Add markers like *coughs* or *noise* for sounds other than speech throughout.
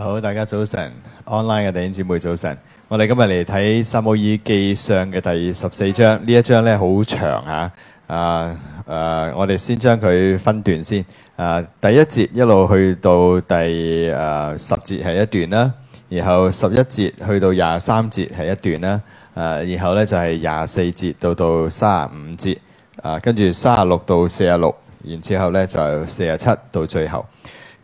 好，大家早晨，online 嘅弟兄姊妹早晨。 *noise* 我哋今日嚟睇《撒母耳記上》嘅第十四章，呢一章咧好長吓、啊。啊，誒、啊，我哋先將佢分段先。啊，第一節一路去到第誒、啊、十節係一段啦，然後十一節去到廿三節係一段啦。誒、啊，然後咧就係、是、廿四節到到卅五節。啊，跟住卅六到四十六，然之後咧就是、四十七到最後。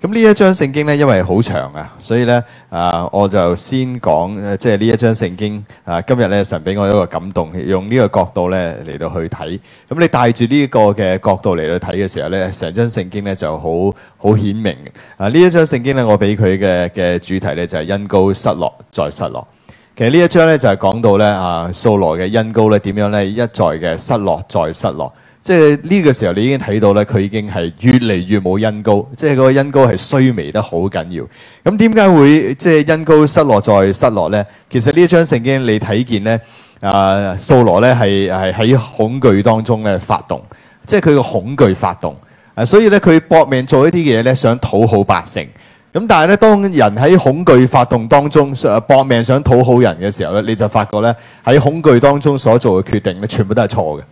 咁呢一章聖經咧，因為好長啊，所以咧啊，我就先講，即係呢一章聖經啊。今日咧，神俾我一個感動，用呢個角度咧嚟到去睇。咁你帶住呢個嘅角度嚟到睇嘅時候咧，成章聖經咧就好好顯明。啊，呢一章聖經咧，我俾佢嘅嘅主題咧就係、是、恩膏失落再失落。其實呢一章咧就係講到咧啊，掃羅嘅恩膏咧點樣咧一再嘅失落再失落。即係呢個時候，你已經睇到咧，佢已經係越嚟越冇恩膏，即係嗰個恩膏係衰微得好緊要。咁點解會即係恩膏失落再失落咧？其實呢一張聖經你睇見咧，啊，掃羅咧係係喺恐懼當中咧發動，即係佢個恐懼發動啊，所以咧佢搏命做一啲嘢咧，想討好百姓。咁但係咧，當人喺恐懼發動當中搏命想討好人嘅時候咧，你就發覺咧喺恐懼當中所做嘅決定咧，全部都係錯嘅。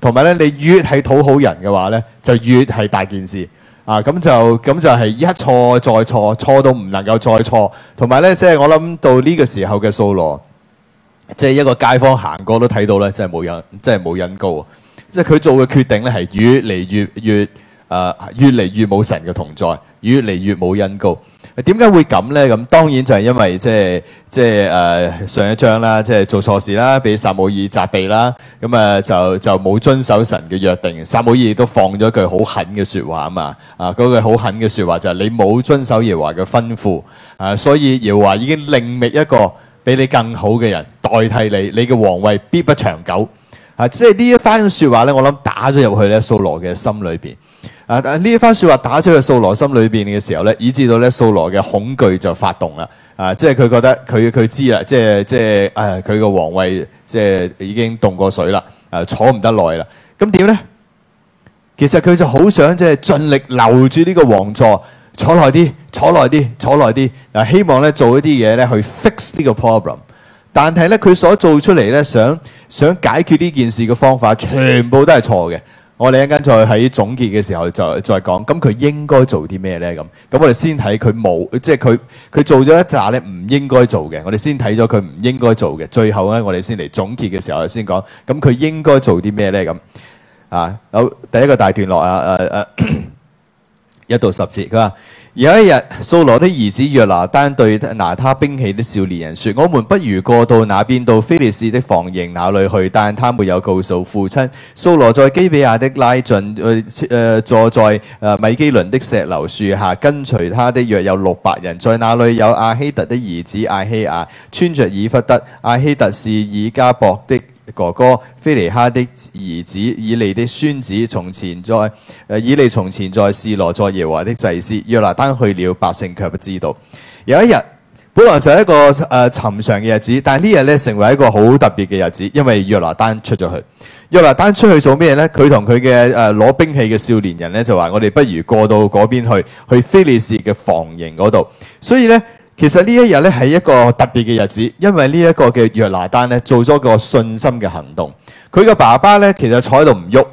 同埋咧，你越係討好人嘅話咧，就越係大件事啊！咁就咁就係一錯再錯，錯到唔能夠再錯。同埋咧，即係我諗到呢個時候嘅掃羅，即係一個街坊行過都睇到咧，即係冇恩，即係冇恩膏啊！即係佢做嘅決定咧，係越嚟越越誒，越嚟，呃，越冇神嘅同在，越嚟越冇恩膏。點解會咁呢？咁當然就係因為即係即係誒、呃，上一章啦，即係做錯事啦，俾撒母耳責備啦，咁啊就就冇遵守神嘅約定。撒母耳都放咗句好狠嘅說話啊嘛，啊嗰句好狠嘅說話就係你冇遵守耶華嘅吩咐啊，所以耶華已經另覓一個比你更好嘅人代替你，你嘅王位必不長久啊！即係呢一番說話呢，我諗打咗入去呢掃羅嘅心裏邊。啊！但呢一番説話打出去掃羅心裏邊嘅時候咧，以致到咧掃羅嘅恐懼就發動啦。啊，即係佢覺得佢佢知啦，即係即係誒，佢、啊、個皇位即係已經凍過水啦。誒、啊，坐唔得耐啦。咁點咧？其實佢就好想即係盡力留住呢個王座，坐耐啲，坐耐啲，坐耐啲。嗱、啊，希望咧做一啲嘢咧去 fix 呢個 problem 但呢。但係咧，佢所做出嚟咧，想想解決呢件事嘅方法，全部都係錯嘅。我哋一陣間再喺總結嘅時候再，再再講，咁佢應該做啲咩呢？咁咁我哋先睇佢冇，即係佢佢做咗一紮咧，唔應該做嘅。我哋先睇咗佢唔應該做嘅，最後咧，我哋先嚟總結嘅時候先講，咁佢應該做啲咩呢？咁啊，好第一個大段落啊，誒、啊、誒， *coughs* 一到十節，佢話。有一日，素羅的兒子約拿單對拿他兵器的少年人說：我們不如過到那邊到非利士的防營那裏去。但他沒有告訴父親。素羅在基比亞的拉俊，誒、呃，坐在誒、呃、米基倫的石榴樹下，跟隨他的約有六百人。在那裏有阿希特的兒子阿希亞，穿着以弗得；阿希特是以加博的。哥哥菲尼哈的兒子以利的孫子，從前在誒、呃、以利從前在示羅在耶和華的祭司。約拿單去了，百姓卻不知道。有一日，本來就係一個誒尋常嘅日子，但係呢日咧成為一個好特別嘅日子，因為約拿單出咗去。約拿單出去做咩咧？佢同佢嘅誒攞兵器嘅少年人咧就話我哋不如過到嗰邊去，去菲利士嘅防營嗰度。所以咧。其實呢一日咧係一個特別嘅日子，因為呢一個嘅約拿單咧做咗個信心嘅行動。佢嘅爸爸咧其實坐喺度唔喐，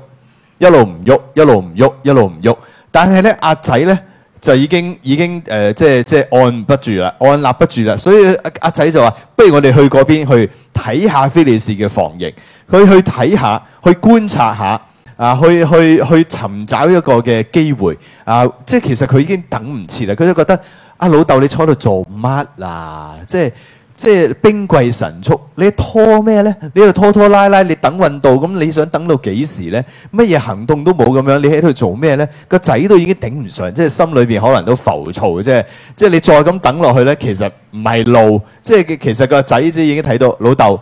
一路唔喐，一路唔喐，一路唔喐。但係咧阿仔咧就已經已經誒、呃、即係即係按不住啦，按捺不住啦。所以阿阿仔就話：不如我哋去嗰邊去睇下非利士嘅防營，佢去睇下，去觀察下，啊去去去尋找一個嘅機會。啊，即係其實佢已經等唔切啦，佢都覺得。啊，老豆，你坐喺度做乜啦？即係即係兵貴神速，你拖咩咧？你度拖拖拉拉，你等運到。咁你想等到幾時咧？乜嘢行動都冇咁樣，你喺度做咩咧？個仔都已經頂唔順，即係心裏邊可能都浮躁，即係即係你再咁等落去咧，其實唔係路，即係其實個仔即已經睇到老豆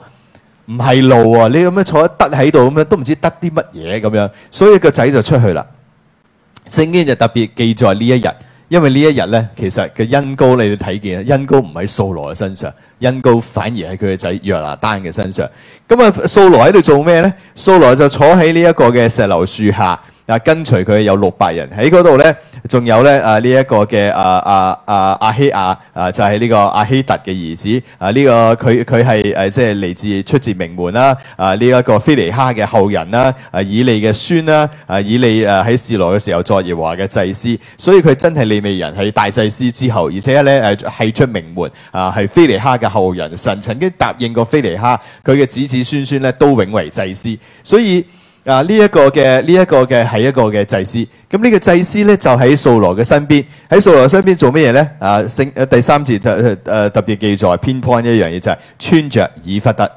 唔係路啊！你咁樣坐得喺度咁樣，都唔知得啲乜嘢咁樣，所以個仔就出去啦。聖經就特別記載呢一日。因為呢一日咧，其實嘅恩膏你都睇見啦，恩膏唔喺掃羅嘅身上，恩膏反而喺佢嘅仔約拿單嘅身上。咁啊，掃羅喺度做咩咧？掃羅就坐喺呢一個嘅石榴樹下。啊，跟隨佢有六百人喺嗰度咧，仲有咧啊呢一個嘅啊啊啊亞希亞啊，就係、是、呢個阿希特嘅兒子啊呢、這個佢佢係誒即係嚟自出自名門啦啊呢一、這個菲尼哈嘅後人啦啊以利嘅孫啦啊以利誒喺示羅嘅時候作耶和華嘅祭司，所以佢真係利未人，係大祭司之後，而且咧誒係出名門啊，係菲尼哈嘅後人。神曾經答應過菲尼哈，佢嘅子子孫孫咧都永為祭司，所以。啊！呢、這個這個、一個嘅呢一個嘅係一個嘅祭司。咁呢個祭司咧就喺掃羅嘅身邊，喺掃羅身邊做乜嘢咧？啊，聖誒第三節就誒特別記載，編譜呢一樣嘢就係、是、穿着以弗得。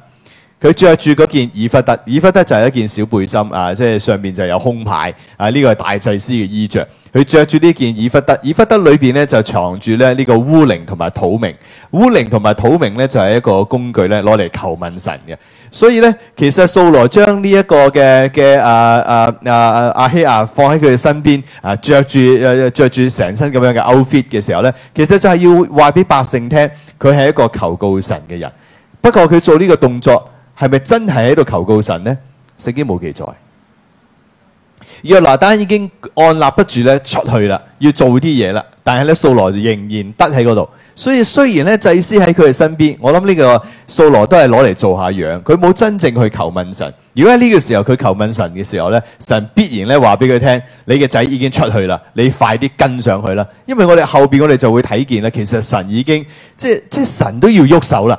佢着住嗰件以弗得，以弗得就係一件小背心啊，即係上面就有胸牌啊。呢、這個係大祭司嘅衣着。佢着住呢件以弗得，以弗得裏邊咧就藏住咧呢、這個烏靈同埋土明。烏靈同埋土明咧就係、是、一個工具咧攞嚟求問神嘅。所以咧，其實掃羅將呢一個嘅嘅啊啊啊阿希亞放喺佢嘅身邊啊，著住誒著住成身咁、啊啊、樣嘅 outfit 嘅時候咧，其實就係要話俾百姓聽，佢係一個求告神嘅人。不過佢做呢個動作。係咪真係喺度求告神呢？聖經冇記載。約拿單已經按捺不住咧，出去啦，要做啲嘢啦。但係咧，掃羅仍然得喺嗰度。所以雖然咧，祭司喺佢哋身邊，我諗呢個掃羅都係攞嚟做下樣，佢冇真正去求問神。如果喺呢個時候佢求問神嘅時候咧，神必然咧話俾佢聽：你嘅仔已經出去啦，你快啲跟上去啦。因為我哋後邊我哋就會睇見啦，其實神已經即係即係神都要喐手啦。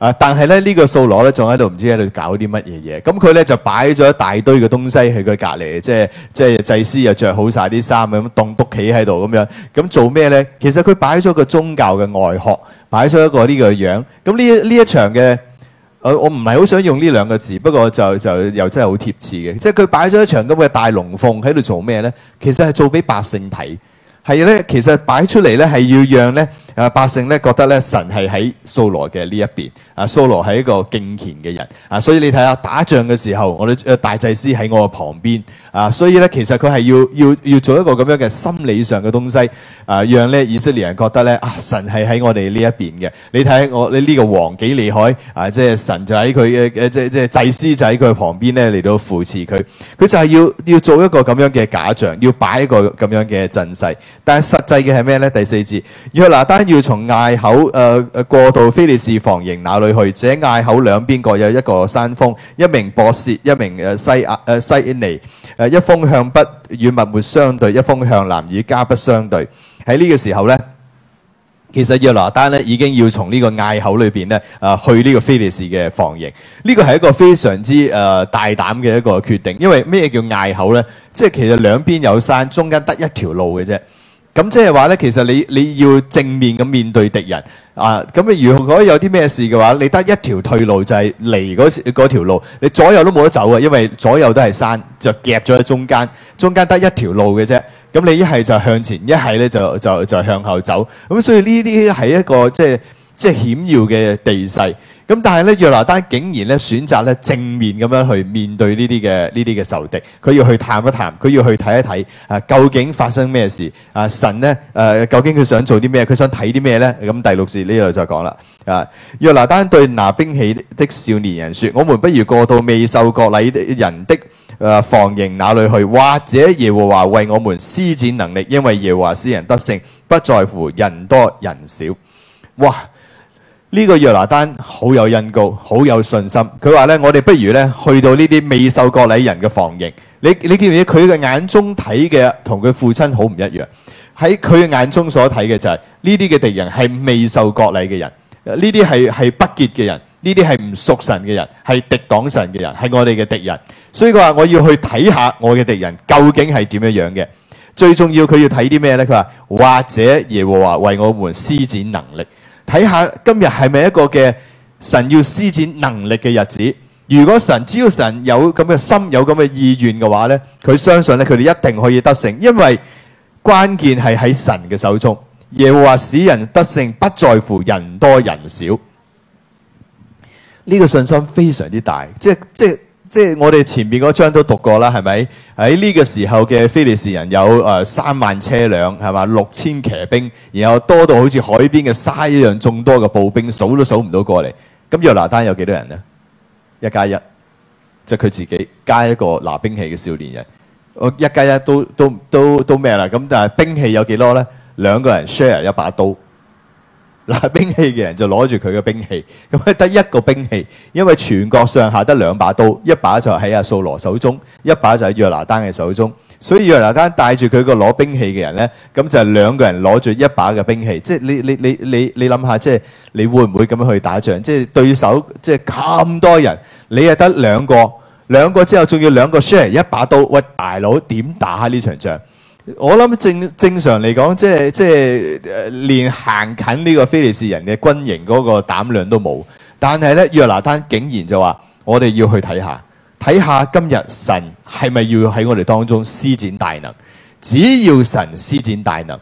啊！但係咧，呢個掃羅咧，仲喺度唔知喺度搞啲乜嘢嘢。咁佢咧就擺咗一大堆嘅東西喺佢隔籬，即係即係祭司又着好晒啲衫咁，棟篤企喺度咁樣。咁做咩咧？其實佢擺咗個宗教嘅外殼，擺咗一個呢個樣。咁呢呢一場嘅，我我唔係好想用呢兩個字，不過就就又真係好貼切嘅。即係佢擺咗一場咁嘅大龍鳳喺度做咩咧？其實係做俾百姓睇，係咧，其實擺出嚟咧係要讓咧。啊！百姓咧覺得咧，神係喺掃羅嘅呢一邊，啊，掃羅係一個敬虔嘅人，啊所以你睇下打仗嘅時候，我哋大祭司喺我嘅旁邊，啊所以咧其實佢係要要要做一個咁樣嘅心理上嘅東西，啊讓咧以色列人覺得咧啊，神係喺我哋呢一邊嘅。你睇我，你呢個王幾厲害啊！即係神就喺佢嘅即係即係祭司就喺佢嘅旁邊咧，嚟到扶持佢，佢就係要要做一個咁樣嘅假象，要擺一個咁樣嘅陣勢。但係實際嘅係咩咧？第四節，約拿單要從隘口誒誒過到非利士防營那裏去。這隘口兩邊各有一個山峯，一名播薛，一名誒西亞誒西尼。誒一峯向北與密抹相對，一峯向南與迦巴相對。喺呢個時候咧，其實約拿單咧已經要從呢個隘口裏邊咧誒去呢個非利士嘅防營。呢個係一個非常之誒大膽嘅一個決定，因為咩叫隘口咧？即係其實兩邊有山，中間得一條路嘅啫。咁即係話咧，其實你你要正面咁面對敵人啊！咁啊，如果有啲咩事嘅話，你得一條退路就係離嗰嗰條路，你左右都冇得走啊，因為左右都係山，就夾咗喺中間，中間得一條路嘅啫。咁你一係就向前，一係咧就就就向後走。咁所以呢啲係一個即係即係險要嘅地勢。咁但係咧，約拿單竟然咧選擇咧正面咁樣去面對呢啲嘅呢啲嘅仇敵，佢要去探一探，佢要去睇一睇啊，究竟發生咩事？啊，神咧誒，究竟佢想做啲咩？佢想睇啲咩咧？咁第六節呢度就講啦。啊，約拿單對拿兵器的少年人說：我們不如過到未受割禮人的誒防營那裏去，或者耶和華為我們施展能力，因為耶和華使人得勝，不在乎人多人少。哇！呢個約拿單好有恩膏，好有信心。佢話咧，我哋不如咧去到呢啲未受割禮人嘅防疫。你，你見唔見佢嘅眼中睇嘅同佢父親好唔一樣？喺佢嘅眼中所睇嘅就係呢啲嘅敵人係未受割禮嘅人，呢啲係係不潔嘅人，呢啲係唔屬神嘅人，係敵擋神嘅人，係我哋嘅敵人。所以佢話我要去睇下我嘅敵人究竟係點樣樣嘅。最重要佢要睇啲咩咧？佢話或者耶和華為我們施展能力。睇下今日係咪一個嘅神要施展能力嘅日子？如果神只要神有咁嘅心，有咁嘅意願嘅話呢，佢相信咧，佢哋一定可以得勝，因為關鍵係喺神嘅手中，耶和華使人得勝，不在乎人多人少。呢個信心非常之大，即係。即即係我哋前邊嗰張都讀過啦，係咪喺呢個時候嘅菲利士人有誒、呃、三萬車輛係嘛，六千騎兵，然後多到好似海邊嘅沙一樣眾多嘅步兵，數都數唔到過嚟。咁約拿丹有幾多人呢？一加一即係佢自己加一個拿兵器嘅少年人，一加一都都都都咩啦？咁但係兵器有幾多呢？兩個人 share 一把刀。拿兵器嘅人就攞住佢嘅兵器，咁啊得一個兵器，因為全國上下得兩把刀，一把就喺阿掃羅手中，一把就喺約拿丹嘅手中，所以約拿丹帶住佢個攞兵器嘅人咧，咁就兩個人攞住一把嘅兵器，即係你你你你你諗下，即係你會唔會咁樣去打仗？即係對手即係咁多人，你又得兩個，兩個之後仲要兩個 share 一把刀，喂，大佬點打呢場仗？我諗正正常嚟講，即係即係連行近呢個非利士人嘅軍營嗰個膽量都冇。但係呢，約拿單竟然就話：我哋要去睇下，睇下今日神係咪要喺我哋當中施展大能？只要神施展大能，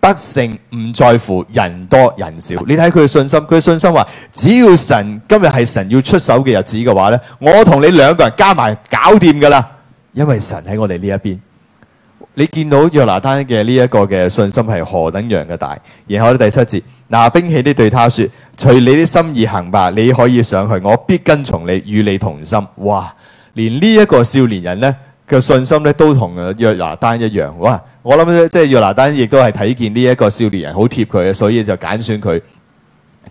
得勝唔在乎人多人少。你睇佢嘅信心，佢嘅信心話：只要神今日係神要出手嘅日子嘅話呢，我同你兩個人加埋搞掂噶啦，因為神喺我哋呢一邊。你見到約拿單嘅呢一個嘅信心係何等樣嘅大？然後咧第七節，拿兵器的對他說：隨你啲心意行吧，你可以上去，我必跟從你，與你同心。哇！連呢一個少年人呢，嘅信心咧都同約拿單一樣。哇！我諗即係約拿單亦都係睇見呢一個少年人好貼佢，所以就揀選佢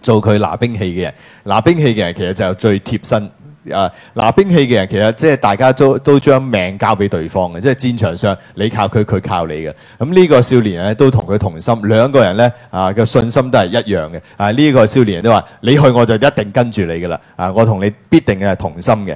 做佢拿兵器嘅人。拿兵器嘅人其實就最貼身。啊！拿兵器嘅人其實即係大家都都將命交俾對方嘅，即係戰場上你靠佢，佢靠你嘅。咁呢個少年人都同佢同心，兩個人呢啊嘅信心都係一樣嘅。啊，呢個少年人都話你去，我就一定跟住你噶啦。啊，我同你必定係同心嘅。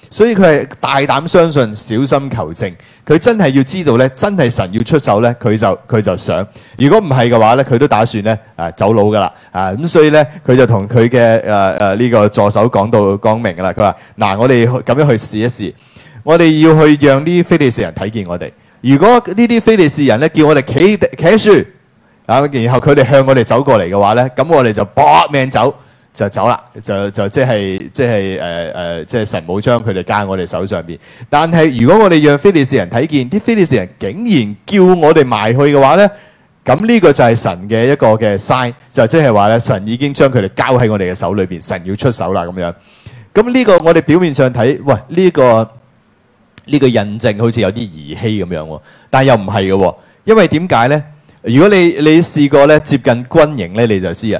所以佢係大膽相信，小心求證。佢真係要知道咧，真係神要出手咧，佢就佢就想。如果唔係嘅話咧，佢都打算咧，啊走佬噶啦啊！咁所以咧，佢就同佢嘅誒誒呢個助手講到光明噶啦。佢話：嗱、啊，我哋咁樣去試一試。我哋要去讓啲非利士人睇見我哋。如果呢啲非利士人咧叫我哋企地企住啊，然後佢哋向我哋走過嚟嘅話咧，咁我哋就搏命走。就走啦，就就即係即係誒誒，即係神冇將佢哋交喺我哋手上邊。但係如果我哋讓非利士人睇見，啲非利士人竟然叫我哋埋去嘅話咧，咁呢個就係神嘅一個嘅 sign，就即係話咧，神已經將佢哋交喺我哋嘅手裏邊，神要出手啦咁樣。咁呢個我哋表面上睇，喂，呢個呢個印證好似有啲兒戲咁樣喎，但係又唔係嘅喎，因為點解咧？如果你你試過咧接近軍營咧，你就知啊。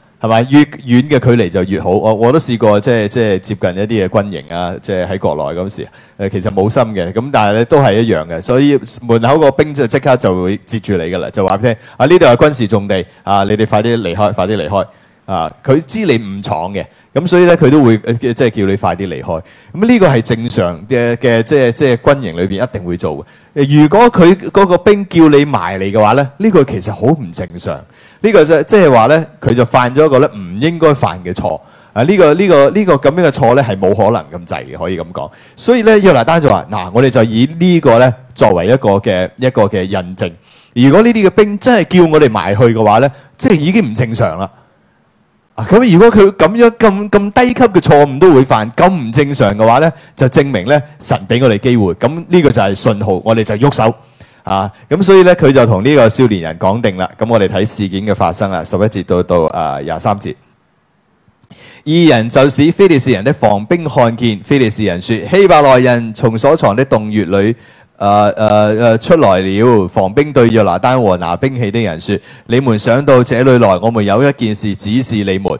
係咪越遠嘅距離就越好？我我都試過，即係即係接近一啲嘅軍營啊，即係喺國內嗰時。誒，其實冇心嘅，咁但係咧都係一樣嘅。所以門口個兵就即刻就會截住你㗎啦，就話俾你聽：啊呢度係軍事重地，啊你哋快啲離開，快啲離開。啊，佢知你唔闖嘅，咁所以咧佢都會誒即係叫你快啲離開。咁呢個係正常嘅嘅，即係即係軍營裏邊一定會做嘅。誒，如果佢嗰個兵叫你埋嚟嘅話咧，呢個其實好唔正常。呢個就即係話咧，佢就犯咗一個咧唔應該犯嘅錯。啊，呢個呢個呢個咁樣嘅錯咧，係冇可能咁滯嘅，可以咁講。所以咧，約拿單就話：嗱，我哋就以呢個咧作為一個嘅一個嘅印證。如果呢啲嘅兵真係叫我哋埋去嘅話咧，即係已經唔正常啦。啊，咁如果佢咁樣咁咁低級嘅錯誤都會犯，咁唔正常嘅話咧，就證明咧神俾我哋機會，咁呢個就係信號，我哋就喐手。啊，咁所以呢，佢就同呢個少年人講定啦。咁我哋睇事件嘅發生啊，十一節到到啊廿三節。二人就使非利士人的防兵看見，非利士人說希伯來人從所藏的洞穴裏，誒誒誒出來了。防兵對約拿單和拿兵器的人說：你們想到這裏來，我們有一件事指示你們。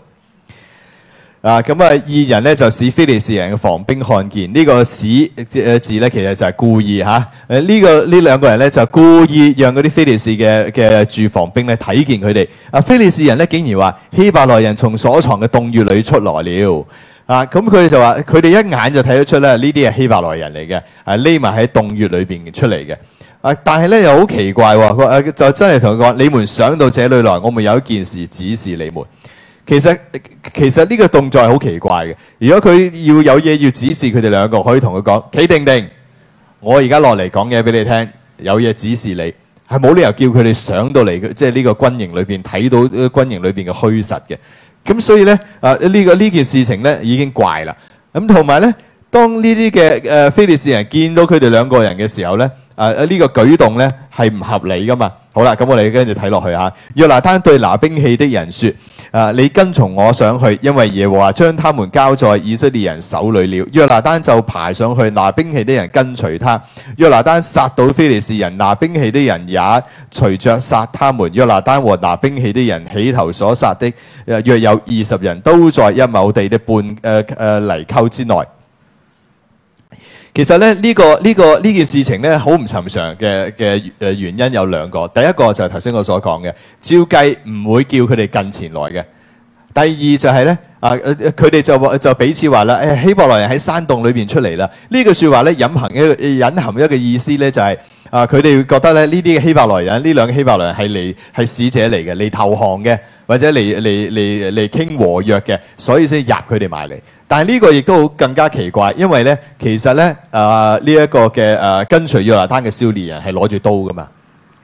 啊，咁啊，二人咧就使非利士人嘅防兵看見、這個呃、呢個使字咧，其實就係故意嚇。誒、啊、呢、這個呢兩個人咧就故意讓嗰啲非利士嘅嘅駐防兵嚟睇見佢哋。啊，非利士人咧竟然話希伯來人從所藏嘅洞穴裏出來了。啊，咁佢哋就話佢哋一眼就睇得出咧，呢啲係希伯來人嚟嘅，係匿埋喺洞穴裏邊出嚟嘅。啊，但係咧又好奇怪喎、哦，就真係同佢講：你們想到這裏來，我們有一件事指示你們。其實其實呢個動作係好奇怪嘅。如果佢要有嘢要指示佢哋兩個，可以同佢講企定定。我而家落嚟講嘢俾你聽，有嘢指示你，係冇理由叫佢哋上到嚟，即係呢個軍營裏邊，睇到軍營裏邊嘅虛實嘅。咁所以咧，啊呢個呢件事情咧已經怪啦。咁同埋咧，當呢啲嘅誒非利士人見到佢哋兩個人嘅時候咧，啊呢、啊呢個舉動咧係唔合理噶嘛。好啦，咁我哋跟住睇落去嚇。約拿單對拿兵器的人說啊！你跟從我上去，因為耶和華將他們交在以色列人手裏了。約拿單就爬上去，拿兵器的人跟隨他。約拿單殺到非利士人，拿兵器的人也隨着殺他們。約拿單和拿兵器的人起頭所殺的，約有二十人都在一畝地的半誒誒、呃呃、泥溝之內。其實咧、這個，呢、這個呢個呢件事情咧，好唔尋常嘅嘅誒原因有兩個。第一個就係頭先我所講嘅，照計唔會叫佢哋近前來嘅。第二就係、是、咧，啊佢哋就就彼此話啦，誒、啊、希伯來人喺山洞裏邊出嚟啦。呢句説話咧，隱含一個隱含一個意思咧、就是，就係啊佢哋會覺得咧，呢啲嘅希伯來人呢兩個希伯來人係嚟係使者嚟嘅，嚟投降嘅。或者嚟嚟嚟嚟傾和約嘅，所以先入佢哋埋嚟。但係呢個亦都更加奇怪，因為咧，其實咧，誒呢一個嘅誒、啊、跟隨約拿單嘅少年人係攞住刀噶嘛，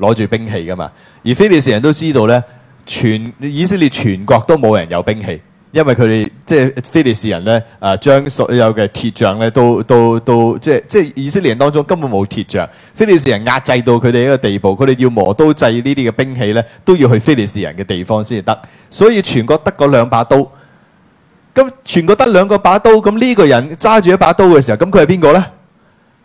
攞住兵器噶嘛。而非利士人都知道咧，全以色列全國都冇人有兵器。因為佢哋即係非利士人咧，啊，將所有嘅鐵匠咧都都都即係即係以色列人當中根本冇鐵匠，非利士人壓制到佢哋一個地步，佢哋要磨刀製呢啲嘅兵器咧，都要去非利士人嘅地方先至得，所以全國得嗰兩把刀，咁全國得兩個把刀，咁呢個人揸住一把刀嘅時候，咁佢係邊個咧？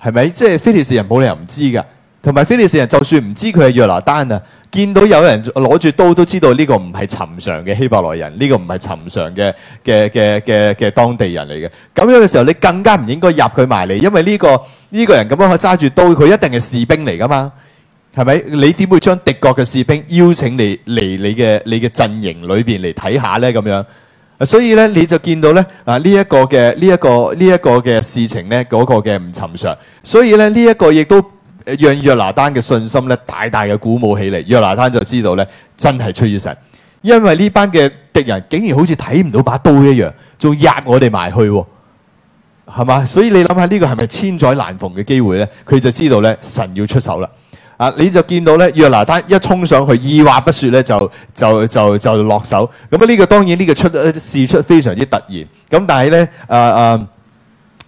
係咪即係非利士人冇理由唔知噶？同埋，菲利士人就算唔知佢係約拿丹啊，見到有人攞住刀都知道呢個唔係尋常嘅希伯來人，呢個唔係尋常嘅嘅嘅嘅嘅當地人嚟嘅。咁樣嘅時候，你更加唔應該入佢埋嚟，因為呢個呢個人咁樣去揸住刀，佢一定係士兵嚟噶嘛，係咪？你點會將敵國嘅士兵邀請你嚟你嘅你嘅陣營裏邊嚟睇下咧？咁樣所以咧你就見到咧，啊呢一個嘅呢一個呢一個嘅事情咧，嗰個嘅唔尋常，所以咧呢一個亦都。讓約拿單嘅信心咧大大嘅鼓舞起嚟，約拿單就知道咧真係出於神，因為呢班嘅敵人竟然好似睇唔到把刀一樣，仲壓我哋埋去、哦，係嘛？所以你諗下呢個係咪千載難逢嘅機會咧？佢就知道咧神要出手啦。啊，你就見到咧約拿單一衝上去，二話不說咧就就就就，就落手。咁啊呢個當然呢個出、呃、事出非常之突然，咁但係咧誒誒。呃呃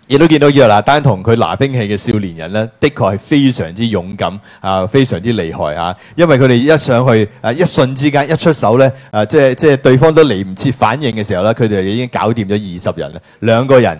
亦都見到約拿單同佢拿兵器嘅少年人咧，的確係非常之勇敢啊，非常之厲害啊！因為佢哋一上去啊，一瞬之間一出手咧，誒、啊、即係即係對方都嚟唔切反應嘅時候啦，佢哋就已經搞掂咗二十人啦，兩個人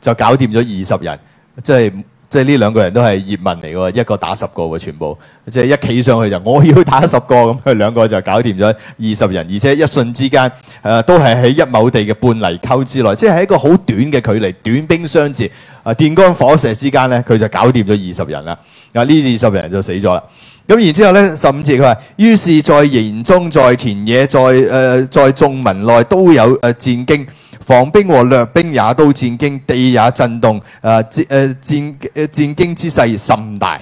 就搞掂咗二十人，即係。即係呢兩個人都係葉問嚟喎，一個打十個喎，全部即係一企上去就我要打十個咁，佢兩個就搞掂咗二十人，而且一瞬之間誒、啊、都係喺一畝地嘅半泥溝之內，即係喺一個好短嘅距離，短兵相接啊，電光火石之間呢，佢就搞掂咗二十人啦。嗱，呢二十人就死咗啦。咁、啊、然之後呢，十五節佢話，於是，在營中、在田野、在誒、呃、在眾民內都有誒、呃、戰兢。防兵和掠兵也都戰驚，地也震動。誒，戰誒戰誒戰驚之勢甚大。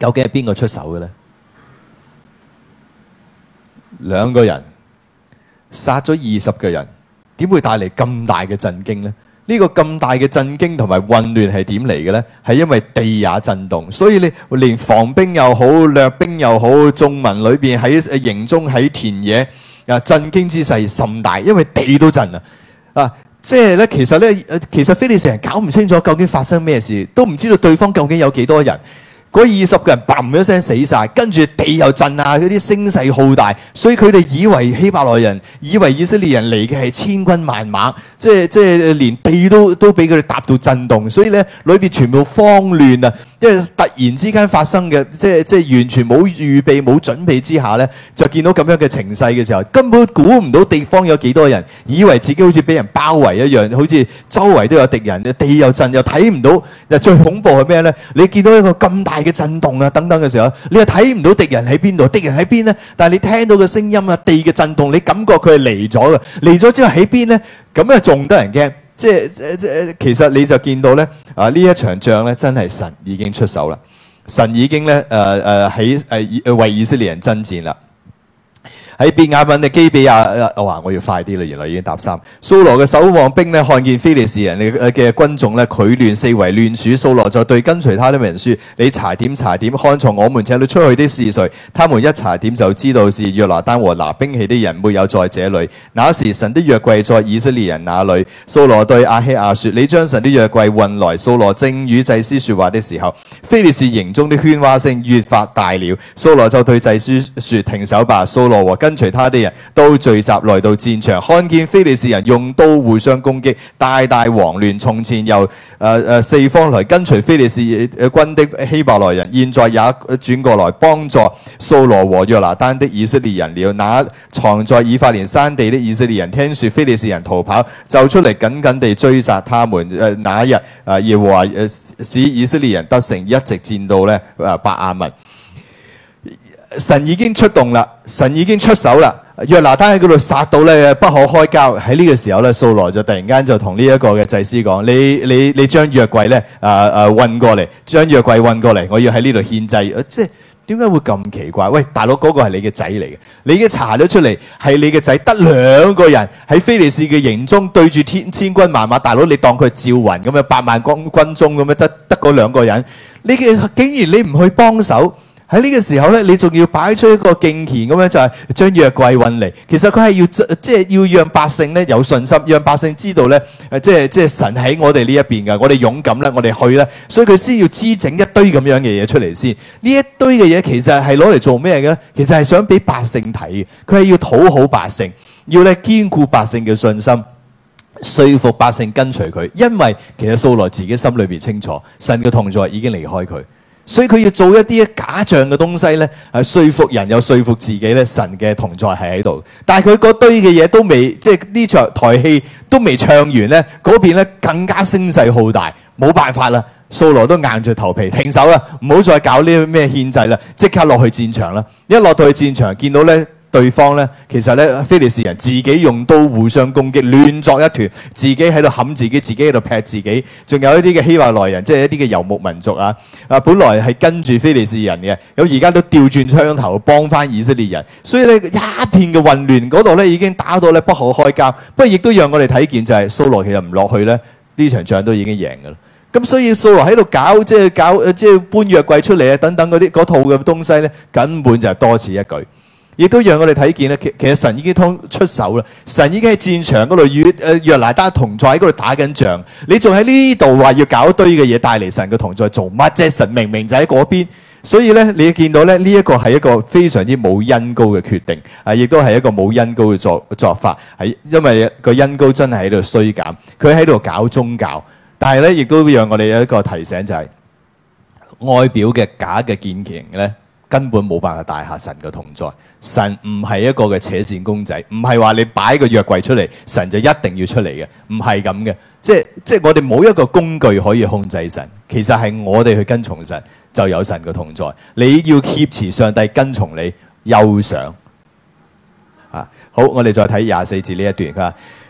究竟係邊個出手嘅呢？兩個人殺咗二十個人，點會帶嚟咁大嘅震驚呢？呢個咁大嘅震驚同埋混亂係點嚟嘅呢？係因為地也震動，所以你連防兵又好，掠兵又好，眾民裏邊喺營中喺田野。啊！震驚之勢甚大，因為地都震啦。啊，即係咧，其實咧，誒，其實非利士人搞唔清楚究竟發生咩事，都唔知道對方究竟有幾多人。嗰二十個人嘭一聲死晒，跟住地又震啊！嗰啲聲勢浩大，所以佢哋以為希伯來人，以為以色列人嚟嘅係千軍萬馬，即係即係連地都都俾佢哋踏到震動，所以咧裏邊全部慌亂啊！因為突然之間發生嘅，即係即係完全冇預備、冇準備之下呢，就見到咁樣嘅情勢嘅時候，根本估唔到地方有幾多人，以為自己好似俾人包圍一樣，好似周圍都有敵人，地又震，又睇唔到。最恐怖係咩呢？你見到一個咁大嘅震動啊，等等嘅時候，你又睇唔到敵人喺邊度，敵人喺邊呢？但係你聽到嘅聲音啊，地嘅震動，你感覺佢係嚟咗嘅，嚟咗之後喺邊呢？咁啊，仲得人驚。即係即，即其實你就見到呢，啊呢一場仗呢，真係神已經出手啦，神已經呢，誒誒喺誒為以色列人爭戰啦。喺便雅憫嘅基比亞我話我要快啲啦，原來已經搭三。蘇羅嘅守望兵呢，看見菲列士人嘅、呃、軍眾呢，佢亂四圍亂處。蘇羅就對跟隨他的人説：你查點查點，看從我們這裡出去的是誰？他們一查點就知道是約拿單和拿兵器的人沒有在這裡。那時神的約櫃在以色列人那裡。蘇羅對亞希亞説：你將神的約櫃運來。蘇羅正與祭司説話的時候，菲列士營中的喧嘩聲越發大了。蘇羅就對祭司説：停手吧。蘇羅和跟隨他的人都聚集來到戰場，看見非利士人用刀互相攻擊，大大惶亂。從前由誒誒、呃呃、四方來跟隨非利士軍、呃、的希伯來人，現在也轉過來幫助掃羅和約拿單的以色列人了。那藏在以法蓮山地的以色列人，聽說非利士人逃跑，就出嚟緊緊地追殺他們。誒、呃，那一日誒，耶、呃、和華、呃、使以色列人得勝，一直戰到呢誒伯亞文。神已經出動啦，神已經出手啦。約拿單喺嗰度殺到咧，不可開交。喺呢個時候咧，掃羅就突然間就同呢一個嘅祭司講：你你你將約櫃咧，誒誒運過嚟，將約櫃運過嚟，我要喺呢度獻祭。即係點解會咁奇怪？喂，大佬嗰個係你嘅仔嚟嘅，你已經查咗出嚟係你嘅仔，得兩個人喺非利士嘅營中對住天千軍萬馬。大佬你當佢係趙雲咁樣，百萬軍軍中咁樣，得得嗰兩個人，你嘅竟然你唔去幫手？喺呢個時候咧，你仲要擺出一個敬虔咁樣，就係將約櫃運嚟。其實佢係要即係要讓百姓咧有信心，讓百姓知道咧，誒，即係即係神喺我哋呢一邊噶。我哋勇敢啦，我哋去啦。所以佢先要支整一堆咁樣嘅嘢出嚟先。呢一堆嘅嘢其實係攞嚟做咩嘅咧？其實係想俾百姓睇嘅。佢係要討好百姓，要咧堅固百姓嘅信心，說服百姓跟隨佢。因為其實掃羅自己心裏邊清楚，神嘅同在已經離開佢。所以佢要做一啲假象嘅東西咧，係説服人，又説服自己咧，神嘅同在係喺度。但係佢嗰堆嘅嘢都未，即係呢場台戲都未唱完咧，嗰邊咧更加聲勢浩大，冇辦法啦。掃羅都硬著頭皮停手啦，唔好再搞呢啲咩牽制啦，即刻落去戰場啦。一落到去戰場，見到咧，對方咧，其實咧，非利士人自己用刀互相攻擊，亂作一團，自己喺度冚自己，自己喺度劈自己，仲有一啲嘅希伯來人，即係一啲嘅遊牧民族啊。啊，本來係跟住非利士人嘅，咁而家都調轉槍頭幫翻以色列人，所以咧一片嘅混亂嗰度咧，已經打到咧不可開交。不過亦都讓我哋睇見就係、是，掃羅其實唔落去咧呢場仗都已經贏噶啦。咁所以掃羅喺度搞即係搞，即、就、係、是就是、搬約櫃出嚟啊，等等嗰啲嗰套嘅東西咧，根本就係多此一舉。亦都讓我哋睇見咧，其其實神已經通出手啦，神已經喺戰場嗰度與誒約拿單同在喺嗰度打緊仗。你仲喺呢度話要搞一堆嘅嘢帶嚟神嘅同在做，乜啫？神明明就喺嗰邊。所以咧，你見到咧呢一個係一個非常之冇恩膏嘅決定，啊，亦都係一個冇恩膏嘅作做法，係因為個恩膏真係喺度衰減。佢喺度搞宗教，但係咧亦都讓我哋有一個提醒就係、是、外表嘅假嘅虔誠咧。根本冇辦法帶下神嘅同在，神唔係一個嘅扯線公仔，唔係話你擺個約櫃出嚟，神就一定要出嚟嘅，唔係咁嘅，即係即係我哋冇一個工具可以控制神，其實係我哋去跟從神就有神嘅同在，你要挾持上帝跟從你憂想啊。好，我哋再睇廿四節呢一段，佢、啊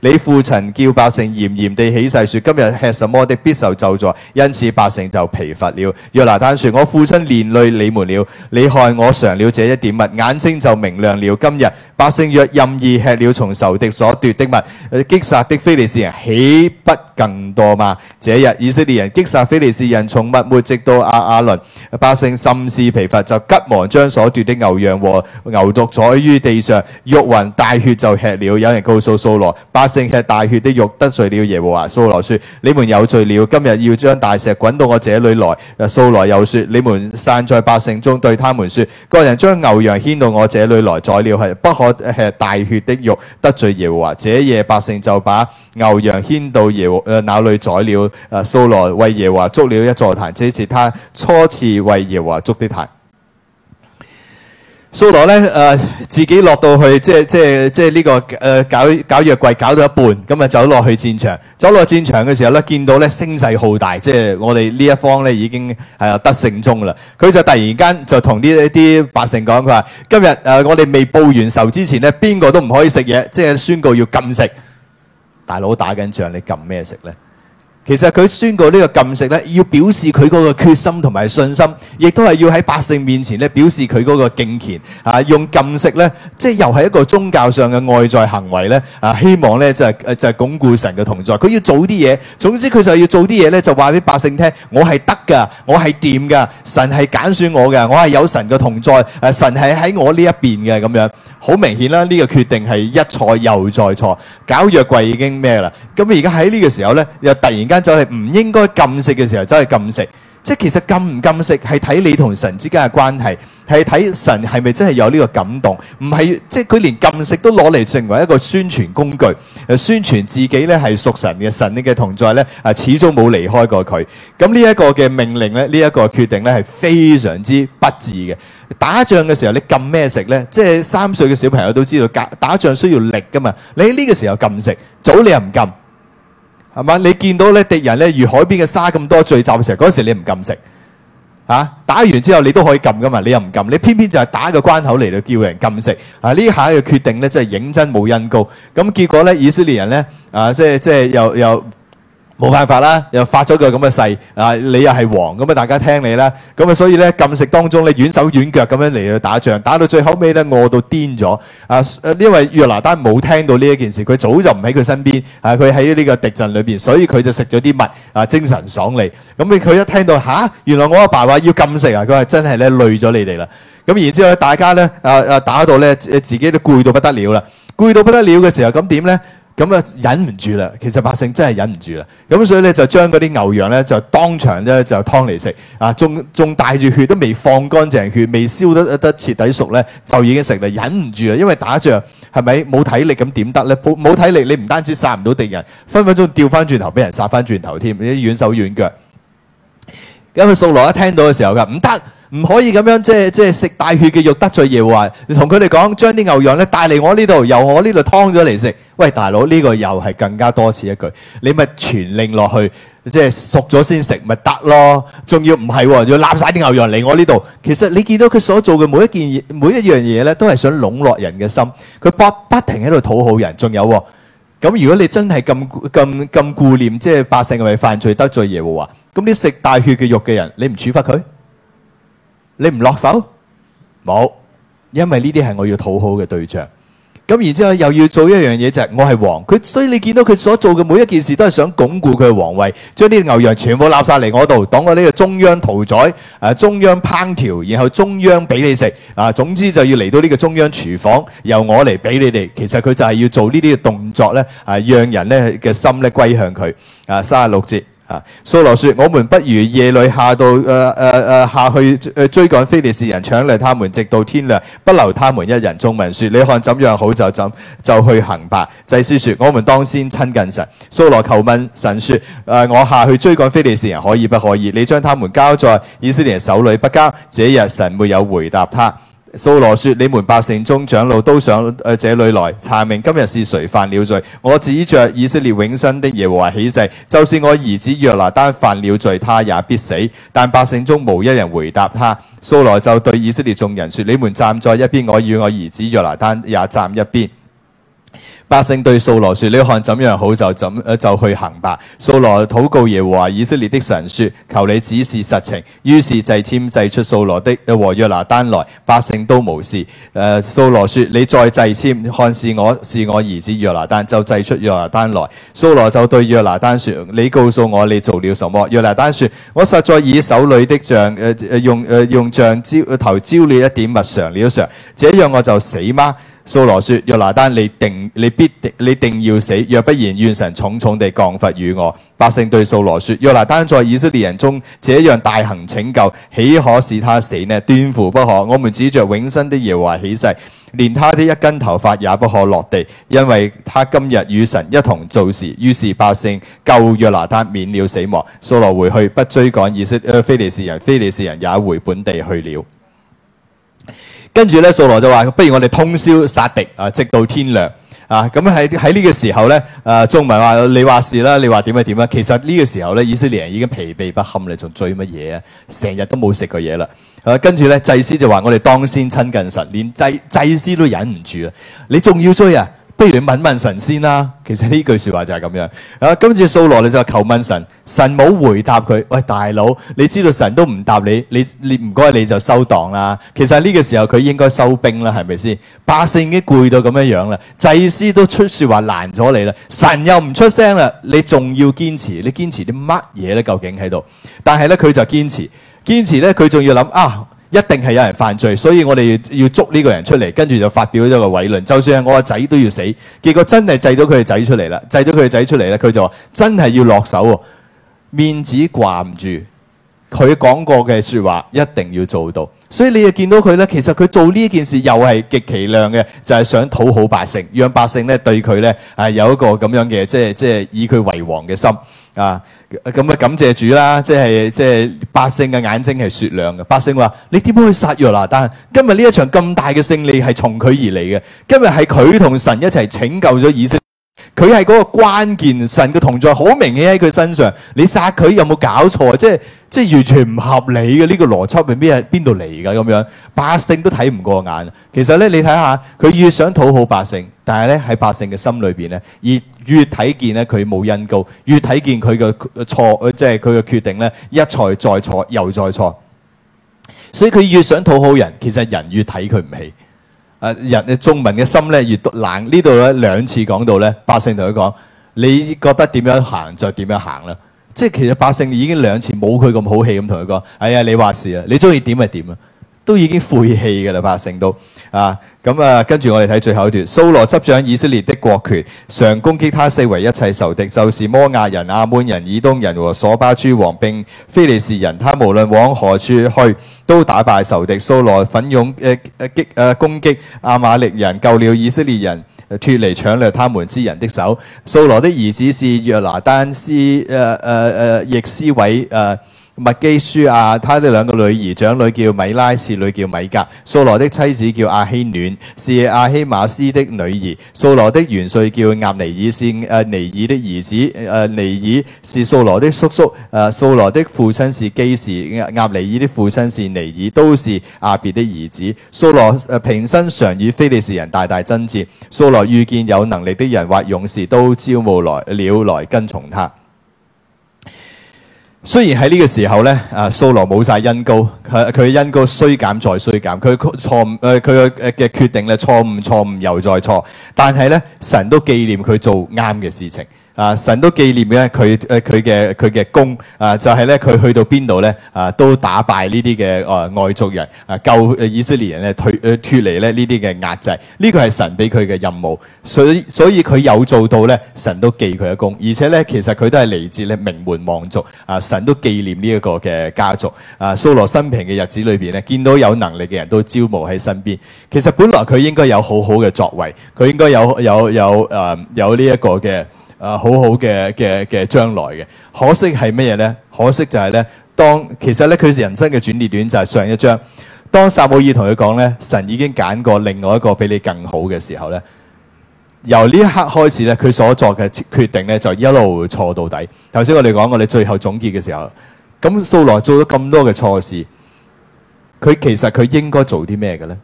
你父親叫百姓嚴嚴地起誓說：今日吃什麼的必受咒詛，因此百姓就疲乏了。約拿單說：我父親連累你們了。你害我嘗了這一點物，眼睛就明亮了。今日。百姓若任意吃了從仇敵所奪的物，誒擊殺的非利士人，豈不更多嘛？這日以色列人擊殺非利士人，從密抹直到亞雅崙，百姓甚是疲乏，就急忙將所奪的牛羊和牛犢宰於地上，肉混大血就吃了。有人告訴掃羅，百姓吃大血的肉得罪了耶和華、啊。掃羅説：你們有罪了，今日要將大石滾到我這裡來。掃羅又説：你們散在百姓中，對他們説：各人將牛羊牽到我這裡來宰了，係不可。我吃大血的肉得罪耶和華，這夜百姓就把牛羊牽到耶和誒那裡宰了。啊，掃羅為耶和華築了一座壇，這是他初次為耶和華築的壇。掃羅咧，誒、呃、自己落到去，即係即係即係、這、呢個誒、呃、搞搞約櫃搞到一半，咁啊走落去戰場。走落戰場嘅時候咧，見到咧聲勢浩大，即係我哋呢一方咧已經係啊得勝中啦。佢就突然間就同呢一啲百姓講，佢話：今日誒、呃、我哋未報完仇之前咧，邊個都唔可以食嘢，即係宣告要禁食。大佬打緊仗，你禁咩食咧？其實佢宣告呢個禁食咧，要表示佢嗰個決心同埋信心，亦都係要喺百姓面前咧表示佢嗰個敬虔。啊，用禁食咧，即係又係一個宗教上嘅外在行為咧。啊，希望咧就係就係鞏固神嘅同在。佢要做啲嘢，總之佢就要做啲嘢咧，就話俾百姓聽：我係得㗎，我係掂㗎，神係揀選我㗎，我係有神嘅同在。誒，神係喺我呢一邊嘅咁樣。好明顯啦，呢個決定係一錯又再錯。搞約櫃已經咩啦？咁而家喺呢個時候咧，又突然間。就係唔應該禁食嘅時候，走去禁食。即係其實禁唔禁食係睇你同神之間嘅關係，係睇神係咪真係有呢個感動。唔係即係佢連禁食都攞嚟成為一個宣傳工具，宣傳自己咧係屬神嘅，神嘅同在咧啊，始終冇離開過佢。咁呢一個嘅命令咧，呢一個決定咧係非常之不智嘅。打仗嘅時候你禁咩食呢？即係三歲嘅小朋友都知道，打打仗需要力㗎嘛。你喺呢個時候禁食，早你又唔禁。係嘛？你見到咧敵人咧，如海邊嘅沙咁多聚集嘅時候，嗰時你唔禁食嚇、啊，打完之後你都可以禁㗎嘛，你又唔禁，你偏偏就係打個關口嚟到叫人禁食啊！呢下嘅決定咧，真係認真冇恩高咁，結果咧，以色列人咧啊，即係即係又又。冇辦法啦，又發咗個咁嘅誓啊！你又係王咁啊，大家聽你啦。咁啊，所以咧禁食當中，你軟手軟腳咁樣嚟到打仗，打到最後尾咧餓到癲咗啊！因為約拿單冇聽到呢一件事，佢早就唔喺佢身邊啊！佢喺呢個敵陣裏邊，所以佢就食咗啲蜜，啊，精神爽利。咁、啊、佢一聽到吓、啊，原來我阿爸話要禁食啊！佢話真係咧累咗你哋啦。咁、啊、然之後大家咧啊啊，打到咧自己都攰到不得了啦，攰到不得了嘅時候，咁點咧？咁啊，就忍唔住啦！其實百姓真係忍唔住啦。咁所以咧，就將嗰啲牛羊咧，就當場咧就劏嚟食啊！仲仲帶住血都未放乾淨，血未燒得得徹底熟咧，就已經食啦！忍唔住啦，因為打仗係咪？冇體力咁點得咧？冇體力，你唔單止殺唔到敵人，分分鐘掉翻轉頭俾人殺翻轉頭添，你啲軟手軟腳。咁佢掃羅一聽到嘅時候，噶唔得！唔可以咁樣，即係即係食帶血嘅肉得罪耶和華，你同佢哋講，將啲牛羊咧帶嚟我呢度，由我呢度劏咗嚟食。喂，大佬呢個又係更加多此一舉，你咪傳令落去，即係熟咗先食咪得咯？仲要唔係，要攬晒啲牛羊嚟我呢度。其實你見到佢所做嘅每一件嘢，每一樣嘢咧，都係想籠絡人嘅心。佢不不停喺度討好人。仲有，咁如果你真係咁咁咁顧念，即係百姓係咪犯罪得罪耶和華，咁啲食帶血嘅肉嘅人，你唔處罰佢？你唔落手，冇，因為呢啲係我要討好嘅對象。咁然之後又要做一樣嘢就係、是，我係王，佢所以你見到佢所做嘅每一件事都係想鞏固佢嘅皇位，將啲牛羊全部攬晒嚟我度，擋我呢個中央屠宰，誒、啊、中央烹調，然後中央俾你食，啊總之就要嚟到呢個中央廚房，由我嚟俾你哋。其實佢就係要做呢啲嘅動作呢，啊讓人呢嘅心呢歸向佢，啊三十六節。啊！蘇羅說：我們不如夜裏下到誒誒誒下去誒、呃、追趕非利士人，搶掠他們，直到天亮，不留他們一人。眾人説：你看怎樣好就怎就，就去行吧。祭司説：我們當先親近神。蘇羅求問神説：誒、呃、我下去追趕非利士人可以不可以？你將他們交在以色列人手裏不交？這日神沒有回答他。蘇羅說：你們百姓中長老都上誒這裏來，查明今日是誰犯了罪。我指着以色列永生的耶和華起誓，就是我兒子約拿單犯了罪，他也必死。但百姓中無一人回答他。蘇羅就對以色列眾人說：你們站在一邊，我與我兒子約拿單也站一邊。百姓對掃羅說：你看怎樣好就怎就，就去行吧。掃羅禱告耶和華以色列的神說：求你指示實情。於是祭簽祭出掃羅的和約拿單來，百姓都無事。誒、呃，掃羅說：你再祭簽，看是我是我兒子約拿單就祭出約拿單來。掃羅就對約拿單說：你告訴我你做了什麼？約拿單說：我實在以手裡的杖，誒、呃、用誒、呃、用杖頭蘸了一點物嘗了一嘗，這樣我就死嗎？蘇羅說：若拿單，你定你必定你定要死，若不然願神重重地降罰與我。百姓對蘇羅說：若拿單在以色列人中這樣大行拯救，豈可使他死呢？端乎不可。我們指着永生的耶和華起誓，連他的一根頭髮也不可落地，因為他今日與神一同做事。於是百姓救若拿單免了死亡。蘇羅回去不追趕以色誒、呃、非利士人，非利士人也回本地去了。跟住咧，掃羅就話：不如我哋通宵殺敵啊，直到天亮啊！咁喺喺呢個時候咧，啊，眾民話，你話事啦，你話點咪點啦。其實呢個時候咧，以色列人已經疲憊不堪，你仲追乜嘢啊？成日都冇食過嘢啦。啊，跟住咧，祭司就話：我哋當先親近神，連祭祭司都忍唔住啊！你仲要追啊？不如你問問神先啦，其實呢句説話就係咁樣。啊，跟住掃羅你就求問神，神冇回答佢。喂，大佬，你知道神都唔答你，你你唔該你就收檔啦。其實呢個時候佢應該收兵啦，係咪先？百姓已經攰到咁樣樣啦，祭司都出説話攔咗你啦，神又唔出聲啦，你仲要堅持，你堅持啲乜嘢咧？究竟喺度？但係咧，佢就堅持，堅持咧，佢仲要諗啊。一定係有人犯罪，所以我哋要捉呢個人出嚟，跟住就發表咗個偉論。就算係我個仔都要死，結果真係制到佢嘅仔出嚟啦，制到佢嘅仔出嚟啦，佢就話真係要落手喎，面子掛唔住，佢講過嘅説話一定要做到。所以你就見到佢咧，其實佢做呢件事又係極其量嘅，就係、是、想討好百姓，讓百姓咧對佢咧係有一個咁樣嘅，即係即係以佢為王嘅心。啊咁啊！感謝主啦，即係即係百姓嘅眼睛係雪亮嘅。百姓話：你點樣去殺約拿單？今日呢一場咁大嘅勝利係從佢而嚟嘅。今日係佢同神一齊拯救咗以色列，佢係嗰個關鍵，神嘅同在好明顯喺佢身上。你殺佢有冇搞錯？即係。即係完全唔合理嘅呢、這個邏輯，係邊係邊度嚟噶？咁樣百姓都睇唔過眼。其實咧，你睇下，佢越想討好百姓，但係咧喺百姓嘅心裏邊咧，越越睇見咧佢冇恩膏，越睇見佢嘅錯，即係佢嘅決定咧一錯再錯，又再錯。所以佢越想討好人，其實人越睇佢唔起。啊、呃，人嘅眾民嘅心咧越冷。呢度咧兩次講到咧，百姓同佢講，你覺得點樣行就點樣行啦。即係其實百姓已經兩次冇佢咁好氣咁同佢講，哎呀，你話事啊，你中意點係點啊，都已經晦氣嘅啦，百姓都啊咁啊。跟住我哋睇最後一段，掃羅執掌以色列的國權，常攻擊他四圍一切仇敵，就是摩押人、亞捫人、以東人和瑣巴諸王並非利士人，他無論往何處去都打敗仇敵。掃羅奮勇誒誒擊誒攻擊亞瑪力人，救了以色列人。脫離搶掠他們之人的手。掃羅的兒子是約拿單、斯、呃呃呃，易思偉、呃。麥基舒亞，他啲兩個女兒，長女叫米拉，次女叫米格。掃羅的妻子叫亞希暖，是亞希瑪斯的女兒。掃羅的元帥叫押尼珥，是誒尼珥的兒子，誒尼珥是掃羅的叔叔。誒掃羅的父親是基士，押尼珥的父親是尼珥，都是亞別的兒子。掃羅誒平生常與非利士人大大爭戰。掃羅遇見有能力的人或勇士，都招募來了來，了來跟從他。雖然喺呢個時候咧，啊，掃羅冇晒恩膏，佢佢嘅恩膏衰減再衰減，佢錯誤，誒佢嘅嘅決定咧錯誤錯誤又再錯，但係咧神都紀念佢做啱嘅事情。啊！神都紀念咧佢，誒佢嘅佢嘅功啊，就係咧佢去到邊度咧啊，都打敗呢啲嘅誒外族人啊，救以色列人咧退、呃、脫離咧呢啲嘅壓制。呢個係神俾佢嘅任務，所以所以佢有做到咧，神都記佢嘅功。而且咧，其實佢都係嚟自咧名門望族啊。神都紀念呢一個嘅家族啊。蘇羅生平嘅日子裏邊咧，見到有能力嘅人都招募喺身邊。其實本來佢應該有好好嘅作為，佢應該有有有誒有呢一、um, 這個嘅。啊，好好嘅嘅嘅將來嘅，可惜係咩嘢呢？可惜就係呢。當其實呢，佢人生嘅轉捩點就係上一章，當撒母耳同佢講呢，神已經揀過另外一個比你更好嘅時候呢，由呢一刻開始呢，佢所作嘅決定呢就一路錯到底。頭先我哋講我哋最後總結嘅時候，咁掃羅做咗咁多嘅錯事，佢其實佢應該做啲咩嘅呢？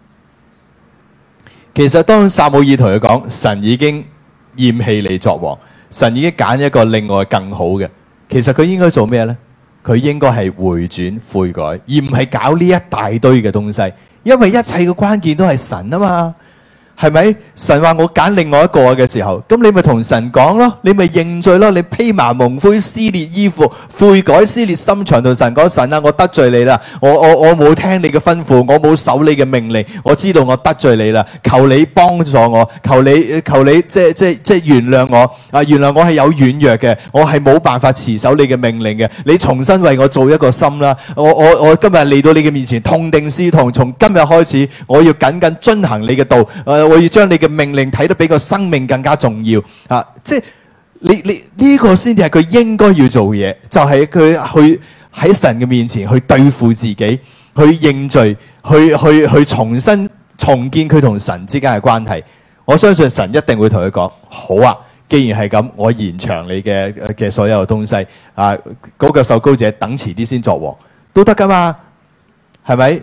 其實當撒母耳同佢講，神已經厭棄你作王。神已經揀咗一個另外更好嘅，其實佢應該做咩呢？佢應該係回轉悔改，而唔係搞呢一大堆嘅東西，因為一切嘅關鍵都係神啊嘛。係咪神話？我揀另外一個嘅時候，咁你咪同神講咯，你咪認罪咯，你披麻蒙灰撕裂衣服悔改撕裂心腸，同神講，神啊，我得罪你啦，我我我冇聽你嘅吩咐，我冇守你嘅命令，我知道我得罪你啦，求你幫助我，求你求你，求你即係即係即係原諒我啊！原諒我係有軟弱嘅，我係冇辦法持守你嘅命令嘅。你重新為我做一個心啦。我我我，我今日嚟到你嘅面前痛定思痛，從今日開始我要緊緊遵行你嘅道誒。呃呃我要將你嘅命令睇得比個生命更加重要啊！即係你你呢個先至係佢應該要做嘢，就係佢去喺神嘅面前去對付自己，去認罪，去去去重新重建佢同神之間嘅關係。我相信神一定會同佢講：好啊，既然係咁，我延長你嘅嘅所有東西啊，嗰個受膏者等遲啲先作王都得噶嘛，係咪？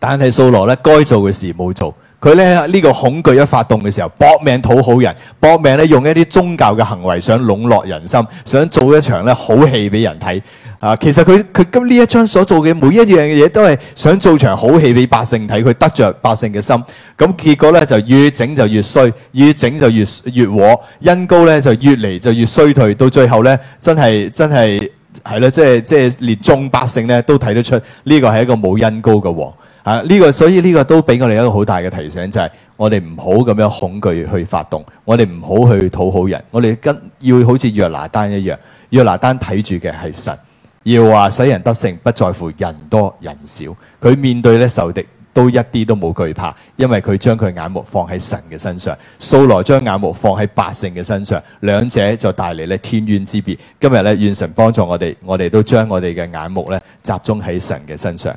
但係掃羅咧，該做嘅事冇做。佢咧呢、這個恐懼一發動嘅時候，搏命討好人，搏命咧用一啲宗教嘅行為想籠絡人心，想做一場咧好戲俾人睇。啊，其實佢佢今呢一章所做嘅每一樣嘢都係想做場好戲俾百姓睇，佢得着百姓嘅心。咁結果咧就越整就越衰，越整就越越禍，恩膏咧就越嚟就越衰退，到最後咧真係真係係啦，即係即係連眾百姓咧都睇得出呢個係一個冇恩膏嘅王。啊！呢、這個所以呢個都俾我哋一個好大嘅提醒，就係、是、我哋唔好咁樣恐懼去發動，我哋唔好去討好人，我哋跟要好似約拿單一樣，約拿單睇住嘅係神，要話使人得勝，不在乎人多人少，佢面對咧仇敵都一啲都冇懼怕，因為佢將佢眼目放喺神嘅身上。掃羅將眼目放喺百姓嘅身上，兩者就帶嚟咧天淵之別。今日咧願神幫助我哋，我哋都將我哋嘅眼目咧集中喺神嘅身上。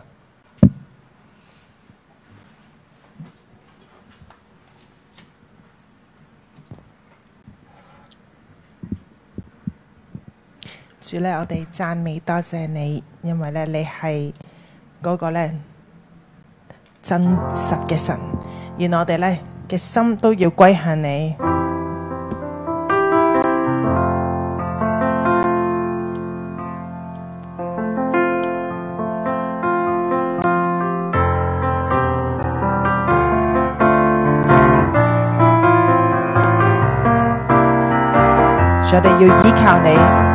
咧，我哋讚美多謝你，因為咧你係嗰個咧真實嘅神，而我哋咧嘅心都要歸向你，我哋要依靠你。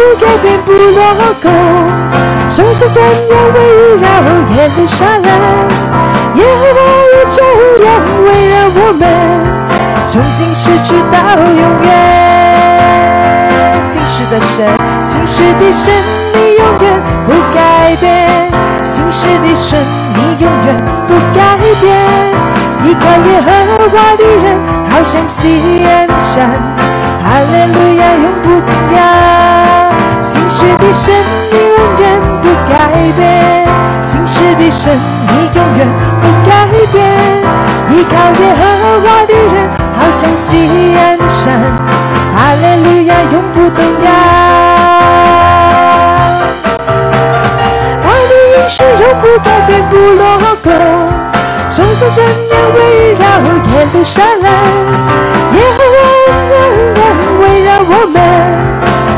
不改變，不落空，就像這樣圍繞耶路撒冷，耶和華的榮耀圍繞我們，從今時直到永遠。信實的神，信實的神，你永遠不改變，信實的神，你永遠不改變。倚靠耶和華的人，好像錫安山，哈利路亞永不變。心事的聲音永遠不改變，心世的聲音永遠不改變。依靠耶和華的人，好像錫安山，阿利路亞永不動搖。他的應許永不改變不落空，眾山怎樣圍繞耶路撒冷，耶和華永遠圍繞我們。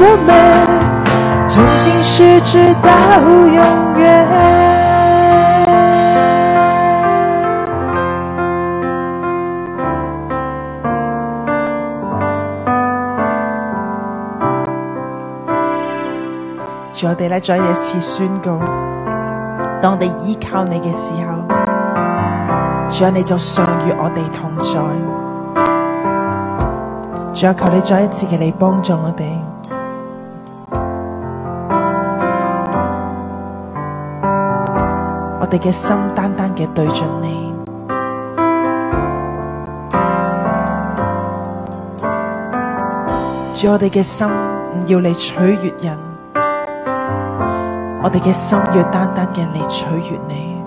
我們從今時直到永遠。主啊，我哋咧再一次宣告，當你依靠你嘅時候，主啊，你就想與我哋同在。主啊，求你再一次嘅嚟幫助我哋。我哋嘅心單單嘅對準你，主，我哋嘅心唔要你取悦人，我哋嘅心要單單嘅嚟取悦你。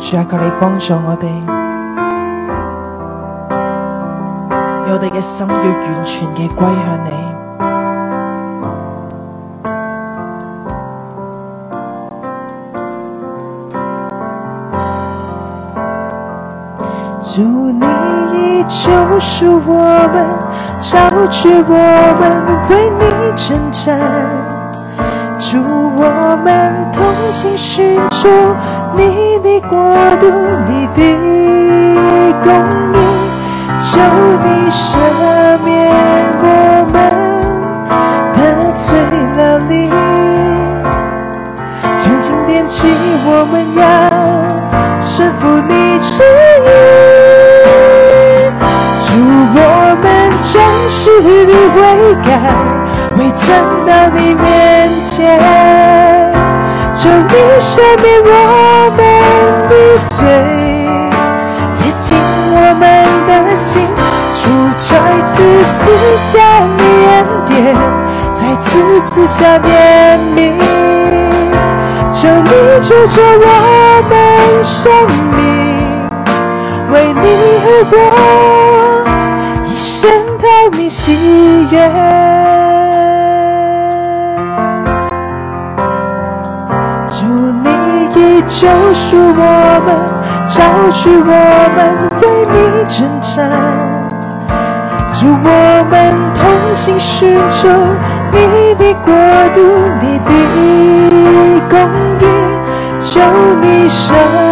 主啊，求你幫助我哋，我哋嘅心要完全嘅歸向你。主我們，召聚我們，為你征戰。主我們同心尋求你，你，你的國度，你的供應，求你赦免我們得罪了你。從今天起，我們要順服你旨意。是你悔改，未站到你面前。求你赦免我們的罪，潔淨我們的心。主再一次賜下恩典，再次賜下憐憫。求你救贖我們生命，為你而活。祝你喜悅，祝你已救贖我們，召聚我們為你征戰，祝我們同心尋求你的國度，你的公義，求你生。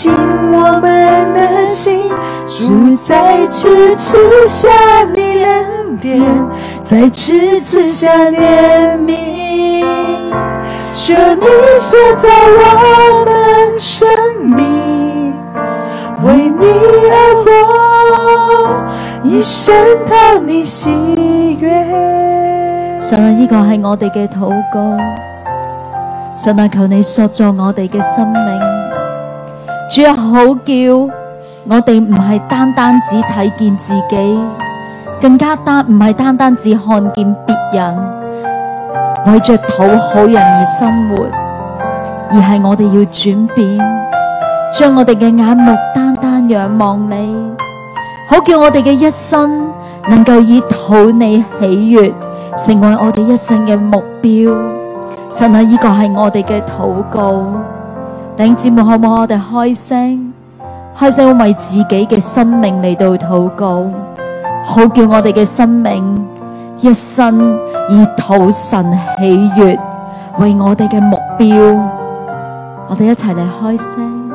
親我們的心，住在赤子下彌恩典，在赤子下憐憫，求你寫在我們生命，為你而活，一生討你喜悦。神啊，呢、呢個係我哋嘅禱告，神啊，求你塑造我哋嘅生命。主啊，好叫我哋唔係單單只睇見自己，更加單唔係單單只看見別人，為着討好人而生活，而係我哋要轉變，將我哋嘅眼目單單仰望你。好叫我哋嘅一生能夠以討你喜悅，成為我哋一生嘅目標。神啊，依個係我哋嘅禱告。弟兄姊妹，可唔可以我哋開聲？開聲會為自己嘅生命嚟到禱告，好叫我哋嘅生命一生以討神喜悅為我哋嘅目標。我哋一齊嚟開聲。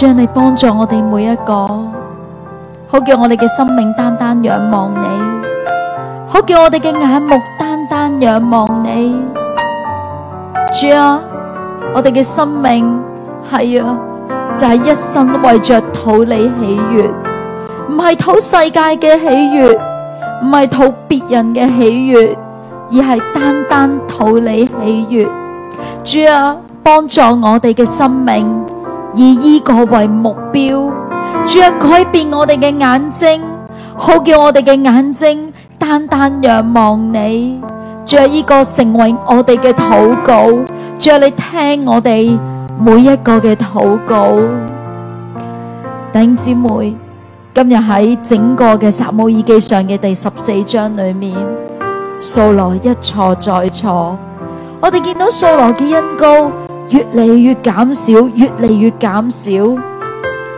主啊，你幫助我哋每一個，好叫我哋嘅生命單單仰望你，好叫我哋嘅眼目單單仰望你。主啊，我哋嘅生命係啊，就係一生都為着討你喜悦，唔係討世界嘅喜悦，唔係討別人嘅喜悦，而係單單討你喜悦。主啊，幫助我哋嘅生命。以依個為目標，主要改變我哋嘅眼睛，好叫我哋嘅眼睛單單仰望你。主啊，依個成為我哋嘅禱告，主啊，你聽我哋每一個嘅禱告。弟兄姊妹，今日喺整個嘅撒母耳記上嘅第十四章裏面，掃羅一錯再錯，我哋見到掃羅嘅恩膏越嚟越減少，越嚟越減少，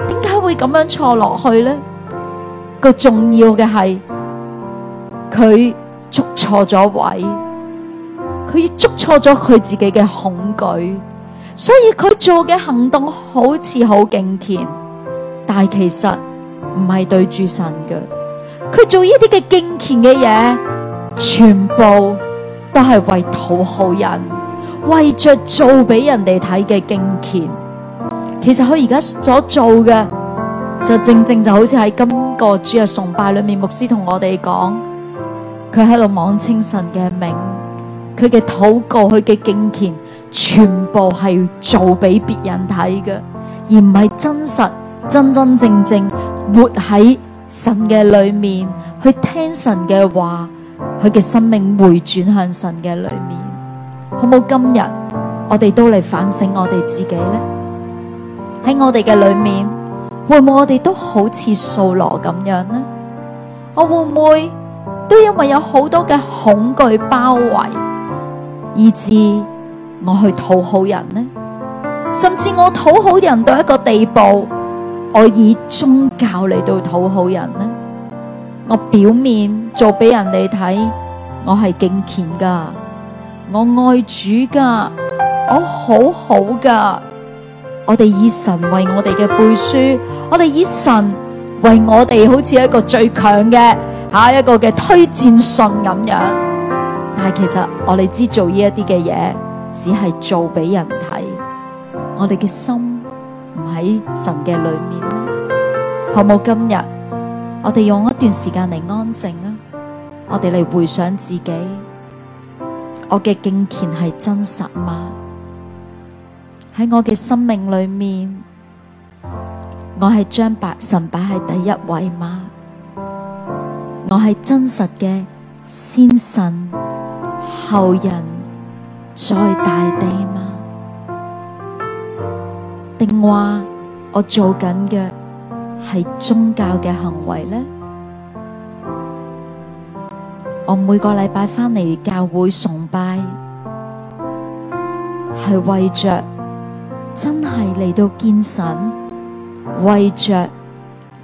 點解會咁樣錯落去咧？個重要嘅係佢捉錯咗位，佢捉錯咗佢自己嘅恐懼，所以佢做嘅行動好似好敬虔，但係其實唔係對住神嘅，佢做呢啲嘅敬虔嘅嘢，全部都係為討好人。為着做俾人哋睇嘅敬虔，其實佢而家所做嘅就正正就好似喺今個主日崇拜裏面，牧師同我哋講，佢喺度妄稱神嘅名，佢嘅禱告，佢嘅敬虔，全部係做俾別人睇嘅，而唔係真實真真正正活喺神嘅裏面去聽神嘅話，佢嘅生命回轉向神嘅裏面。好冇今日，我哋都嚟反省我哋自己咧。喺我哋嘅裏面，會唔會我哋都好似掃羅咁樣呢？我會唔會都因為有好多嘅恐懼包圍，以至我去討好人呢？甚至我討好人到一個地步，我以宗教嚟到討好人呢？我表面做俾人哋睇，我係敬虔噶。我愛主噶，我好好噶。我哋以神為我哋嘅背書，我哋以神為我哋好似一個最強嘅下一個嘅推薦信咁樣。但係其實我哋知做呢一啲嘅嘢，只係做俾人睇。我哋嘅心唔喺神嘅裏面。好冇？今日，我哋用一段時間嚟安靜啊，我哋嚟回想自己。我嘅敬虔係真實嗎？喺我嘅生命裏面，我係將把神擺喺第一位嗎？我係真實嘅先神、後人再大地嗎？定話我做緊嘅係宗教嘅行為呢？我每個禮拜返嚟教會崇拜，係為着真係嚟到見神，為着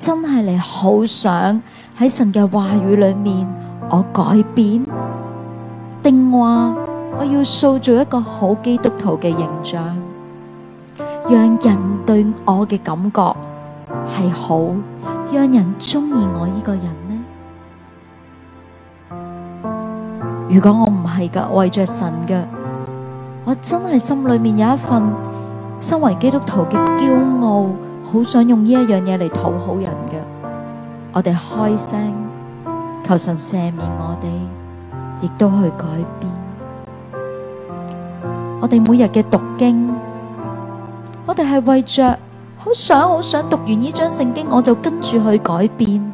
真係嚟好想喺神嘅話語裏面我改變，定話我要塑造一個好基督徒嘅形象，讓人對我嘅感覺係好，讓人中意我呢個人呢？如果我唔係噶，為着神嘅，我真係心裏面有一份身為基督徒嘅驕傲，好想用呢一樣嘢嚟討好人嘅。我哋開聲求神赦免我哋，亦都去改變。我哋每日嘅讀經，我哋係為着好想好想讀完呢章聖經，我就跟住去改變，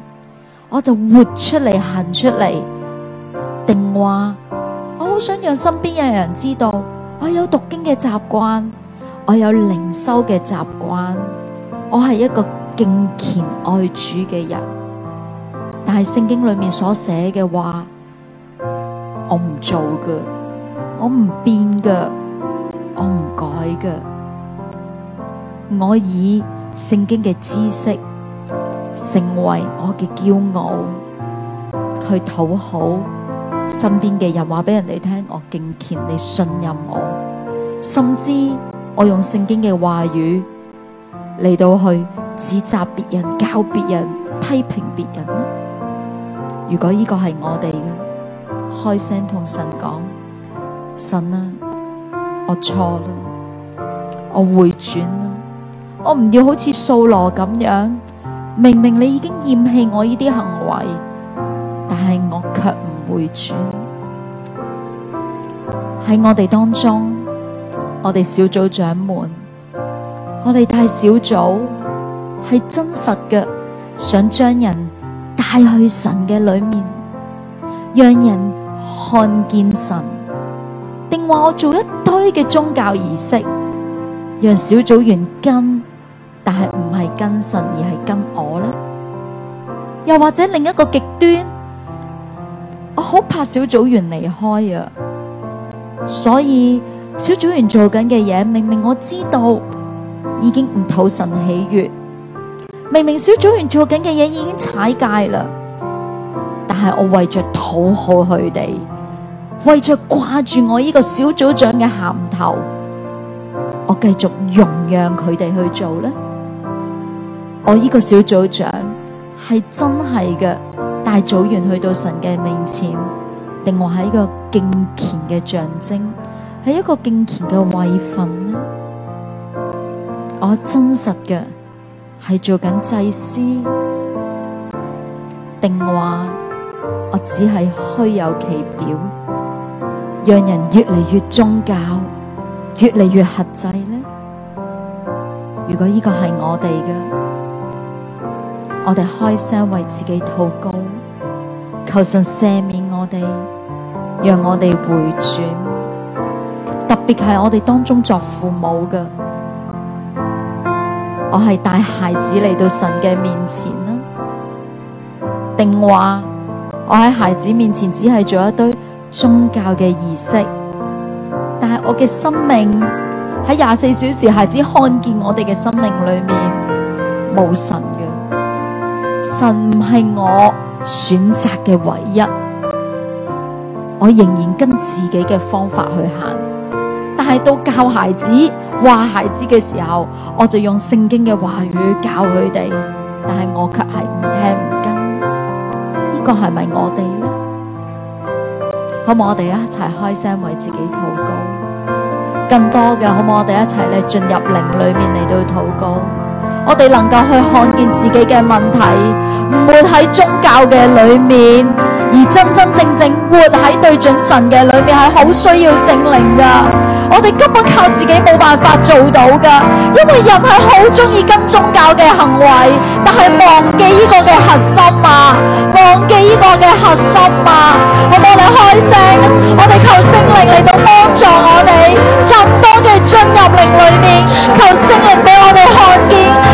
我就活出嚟，行出嚟。定話我好想讓身邊有人知道我有讀經嘅習慣，我有靈修嘅習慣，我係一個敬虔愛主嘅人。但係聖經裏面所寫嘅話，我唔做㗎，我唔變㗎，我唔改㗎。我以聖經嘅知識成為我嘅驕傲，去討好。身邊嘅人話俾人哋聽，我敬虔，你信任我，甚至我用聖經嘅話語嚟到去指責別人、教別人、批評別人。如果呢個係我哋嘅，開聲同神講，神啊，我錯啦，我回轉啦，我唔要好似掃羅咁樣，明明你已經厭棄我呢啲行為，但係我。回轉喺我哋當中，我哋小組長們，我哋大小組係真實嘅，想將人帶去神嘅裏面，讓人看見神。定話我做一堆嘅宗教儀式，讓小組員跟，但係唔係跟神，而係跟我咧？又或者另一個極端。我好怕小組員離開啊，所以小組員做緊嘅嘢，明明我知道已經唔討神喜悅，明明小組員做緊嘅嘢已經踩界啦，但係我為着討好佢哋，為着掛住我呢個小組長嘅銜頭，我繼續容讓佢哋去做咧。我呢個小組長係真係嘅。係組員去到神嘅面前，定話係一個敬虔嘅象徵，係一個敬虔嘅位份呢？我真實嘅係做緊祭司，定話我只係虛有其表，讓人越嚟越宗教，越嚟越合制呢？如果呢個係我哋嘅，我哋開聲為自己禱告。求神赦免我哋，讓我哋回轉。特別係我哋當中作父母嘅，我係帶孩子嚟到神嘅面前啦，定話我喺孩子面前只係做一堆宗教嘅儀式。但係我嘅生命喺廿四小時，孩子看見我哋嘅生命裏面冇神嘅，神唔係我選擇嘅唯一，我仍然跟自己嘅方法去行，但係到教孩子話孩子嘅時候，我就用聖經嘅話語教佢哋，但係我卻係唔聽唔跟，這個、是是呢個係咪我哋咧？好唔好？我哋一齊開聲為自己禱告，更多嘅好唔好？我哋一齊咧進入靈裏面嚟到禱告。我哋能夠去看見自己嘅問題，唔會活喺宗教嘅裏面，而真真正正活喺對準神嘅裏面，係好需要聖靈噶。我哋根本靠自己冇辦法做到噶，因為人係好中意跟宗教嘅行為，但係忘記呢個嘅核心啊，忘記呢個嘅核心啊！好，俾我哋開聲，我哋求聖靈嚟到幫助我哋，更多嘅進入靈裏面，求聖靈俾我哋看見。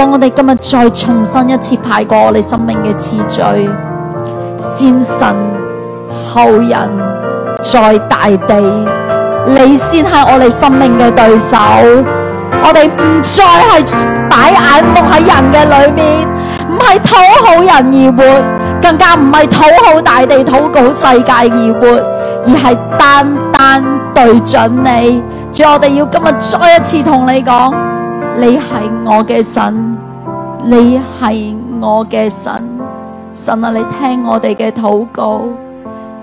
幫我哋今日再重新一次排過我哋生命嘅次序，先神後人，在大地，你先係我哋生命嘅對手。我哋唔再係擺眼目喺人嘅裏面，唔係討好人而活，更加唔係討好大地、討好世界而活，而係單單對準你。主，我哋要今日再一次同你講。你係我嘅神，你係我嘅神，神啊！你聽我哋嘅禱告，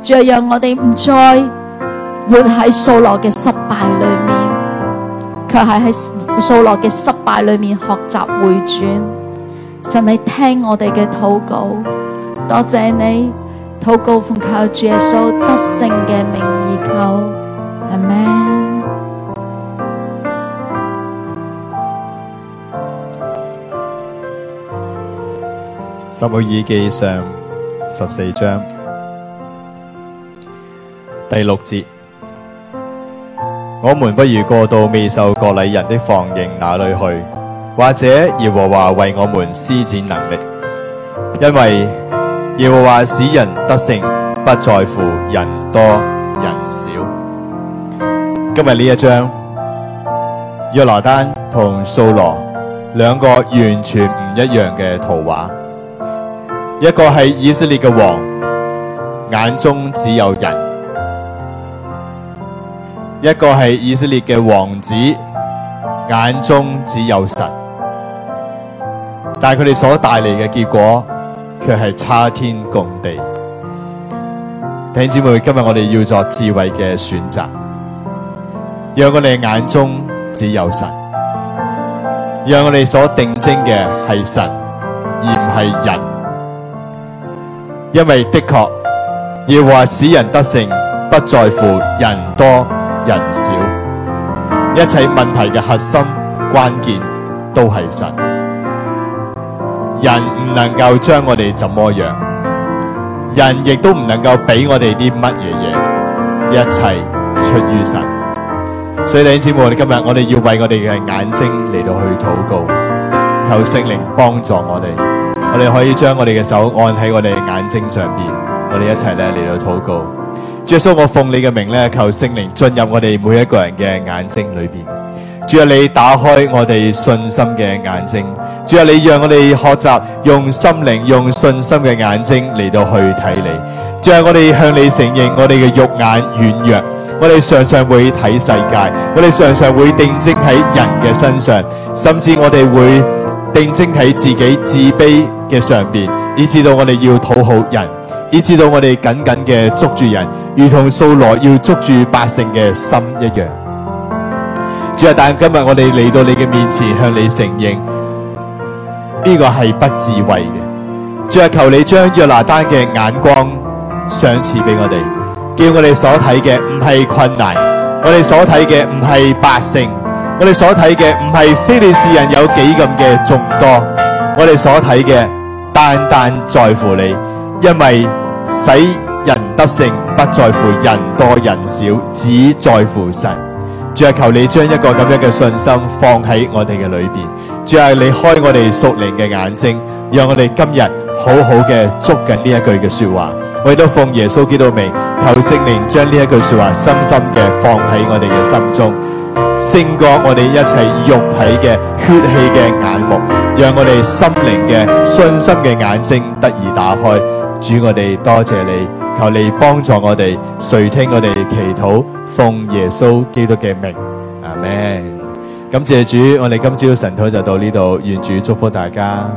再讓我哋唔再活喺掃羅嘅失敗裏面，卻係喺掃羅嘅失敗裏面學習回轉。神啊，你聽我哋嘅禱告，多謝你禱告，奉靠主耶穌得勝嘅名義求，阿門。撒母耳記上十四章第六節，我們不如過到未受割禮人的防營那裏去，或者耶和華為我們施展能力，因為耶和華使人得勝，不在乎人多人少。今日呢一章，約拿單同掃羅兩個完全唔一樣嘅圖畫。一個係以色列嘅王，眼中只有人；一個係以色列嘅王子，眼中只有神。但係佢哋所帶嚟嘅結果，卻係差天共地。弟兄姊妹，今日我哋要做智慧嘅選擇，讓我哋眼中只有神，讓我哋所定睛嘅係神，而唔係人。因為的確，要話使人得勝，不在乎人多人少，一切問題嘅核心關鍵都係神。人唔能夠將我哋怎麼樣，人亦都唔能夠俾我哋啲乜嘢嘢，一切出於神。所以弟兄姊妹，我哋今日我哋要為我哋嘅眼睛嚟到去禱告，求聖靈幫助我哋。我哋可以將我哋嘅手按喺我哋嘅眼睛上邊，我哋一齊咧嚟到禱告。主啊，我奉你嘅名咧，求聖靈進入我哋每一個人嘅眼睛裏邊。主啊，你打開我哋信心嘅眼睛。主啊，你讓我哋學習用心靈、用信心嘅眼睛嚟到去睇你。主啊，我哋向你承認，我哋嘅肉眼軟弱，我哋常常會睇世界，我哋常常會定睛喺人嘅身上，甚至我哋會定睛喺自己自卑。嘅上面，以至到我哋要討好人，以至到我哋緊緊嘅捉住人，如同掃羅要捉住百姓嘅心一樣。主啊，但今日我哋嚟到你嘅面前，向你承認，呢、這個係不智慧嘅。主啊，求你將約拿單嘅眼光賞賜俾我哋，叫我哋所睇嘅唔係困難，我哋所睇嘅唔係百姓，我哋所睇嘅唔係非利士人有幾咁嘅眾多，我哋所睇嘅。單單在乎你，因為使人得勝，不在乎人多人少，只在乎神。主係求你將一個咁樣嘅信心放喺我哋嘅裏邊。主係你開我哋屬靈嘅眼睛，讓我哋今日好好嘅捉緊呢一句嘅說話。我亦都奉耶穌基督名，求聖靈將呢一句說話深深嘅放喺我哋嘅心中。勝過我哋一切肉體嘅血氣嘅眼目，讓我哋心靈嘅信心嘅眼睛得以打開。主我哋多謝你，求你幫助我哋，垂聽我哋祈禱，奉耶穌基督嘅名，阿門。感謝主，我哋今朝嘅神台就到呢度，願主祝福大家。